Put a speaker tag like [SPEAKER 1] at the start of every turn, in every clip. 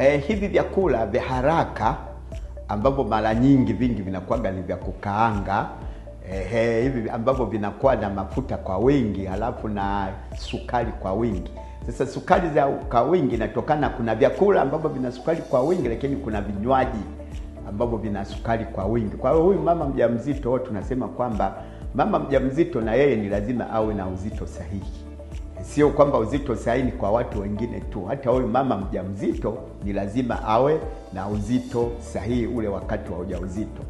[SPEAKER 1] eh, hivi vyakula vya haraka ambavyo mara nyingi vingi vinakuwaga ni vya kukaanga eh, hivi ambavyo vinakuwa na mafuta kwa wingi halafu na sukari kwa wingi sasa sukari za kwa wingi inatokana, kuna vyakula ambavyo vina sukari kwa wingi, lakini kuna vinywaji ambavyo vina sukari kwa wingi. Kwa hiyo huyu mama mjamzito tunasema kwamba mama mjamzito na yeye ni lazima awe na uzito sahihi sio kwamba uzito sahihi ni kwa watu wengine tu, hata huyu mama mjamzito ni lazima awe na uzito sahihi ule wakati wa ujauzito.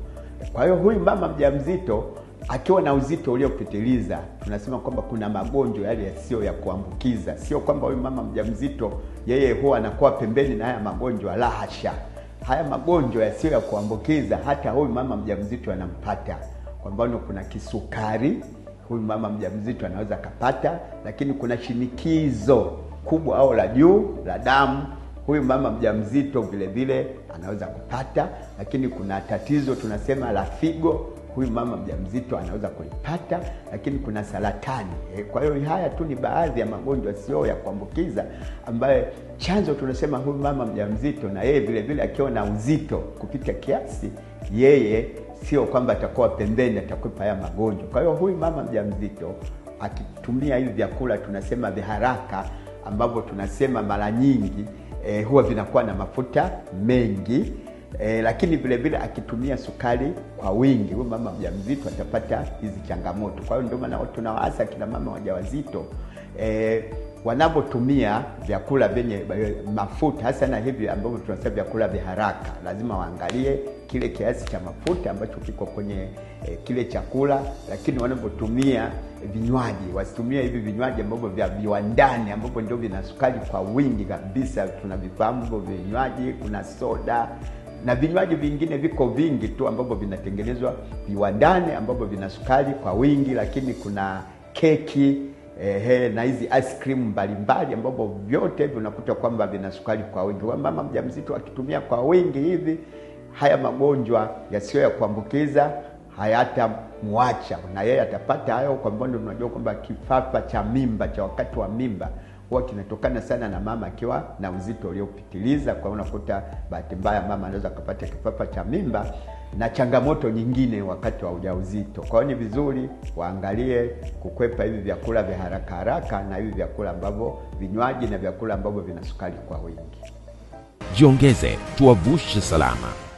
[SPEAKER 1] Kwa hiyo huyu mama mjamzito akiwa na uzito uliopitiliza, tunasema kwamba kuna magonjwa yale yasiyo ya kuambukiza. Sio kwamba huyu mama mjamzito yeye huwa anakuwa pembeni na haya magonjwa, la hasha. Haya magonjwa yasiyo ya kuambukiza hata huyu mama mjamzito anampata. Kwa mfano, kuna kisukari huyu mama mjamzito anaweza akapata, lakini kuna shinikizo kubwa au la juu la damu, huyu mama mjamzito vile vile anaweza kupata, lakini kuna tatizo tunasema la figo huyu mama mjamzito anaweza kuipata, lakini kuna saratani. Eh, kwa hiyo haya tu ni baadhi ya magonjwa sio ya kuambukiza ambayo chanzo tunasema huyu mama mjamzito na yeye vile vile akiwa na uzito kupita kiasi, yeye sio kwamba atakuwa pembeni, atakwepa haya magonjwa. Kwa hiyo huyu mama mjamzito akitumia hivi vyakula tunasema vya haraka ambavyo tunasema mara nyingi eh, huwa vinakuwa na mafuta mengi e, lakini vile vile akitumia sukari kwa wingi, huyo mama mjamzito atapata hizi changamoto. Kwa hiyo ndio maana tunawaasa kina mama wajawazito e, wanapotumia vyakula vyenye mafuta hasa na hivi ambavyo tunasema vyakula vya haraka, lazima waangalie kile kiasi cha mafuta ambacho kiko kwenye eh, kile chakula. Lakini wanapotumia vinywaji, wasitumie hivi vinywaji ambavyo vya viwandani ambavyo ndio vina sukari kwa wingi kabisa. Tunavifahamu hivyo vinywaji, kuna soda na vinywaji vingine viko vingi tu ambavyo vinatengenezwa viwandani ambavyo vina sukari kwa wingi, lakini kuna keki ehe, na hizi ice cream mbalimbali ambavyo vyote hivyo unakuta kwamba vina sukari kwa wingi. Kwa mama mjamzito akitumia kwa wingi hivi, haya magonjwa yasiyo ya kuambukiza hayatamwacha na yeye atapata hayo. Kwa mbondo unajua kwamba kifafa cha mimba cha wakati wa mimba huwa kinatokana sana na mama akiwa na uzito uliopitiliza. Kwa unakuta bahati mbaya mama anaweza akapata kifafa cha mimba na changamoto nyingine wakati wa ujauzito. Kwa hiyo ni vizuri waangalie kukwepa hivi vyakula vya haraka haraka na hivi vyakula ambavyo vinywaji na vyakula ambavyo vina sukari kwa wingi. Jiongeze tuwavushe salama.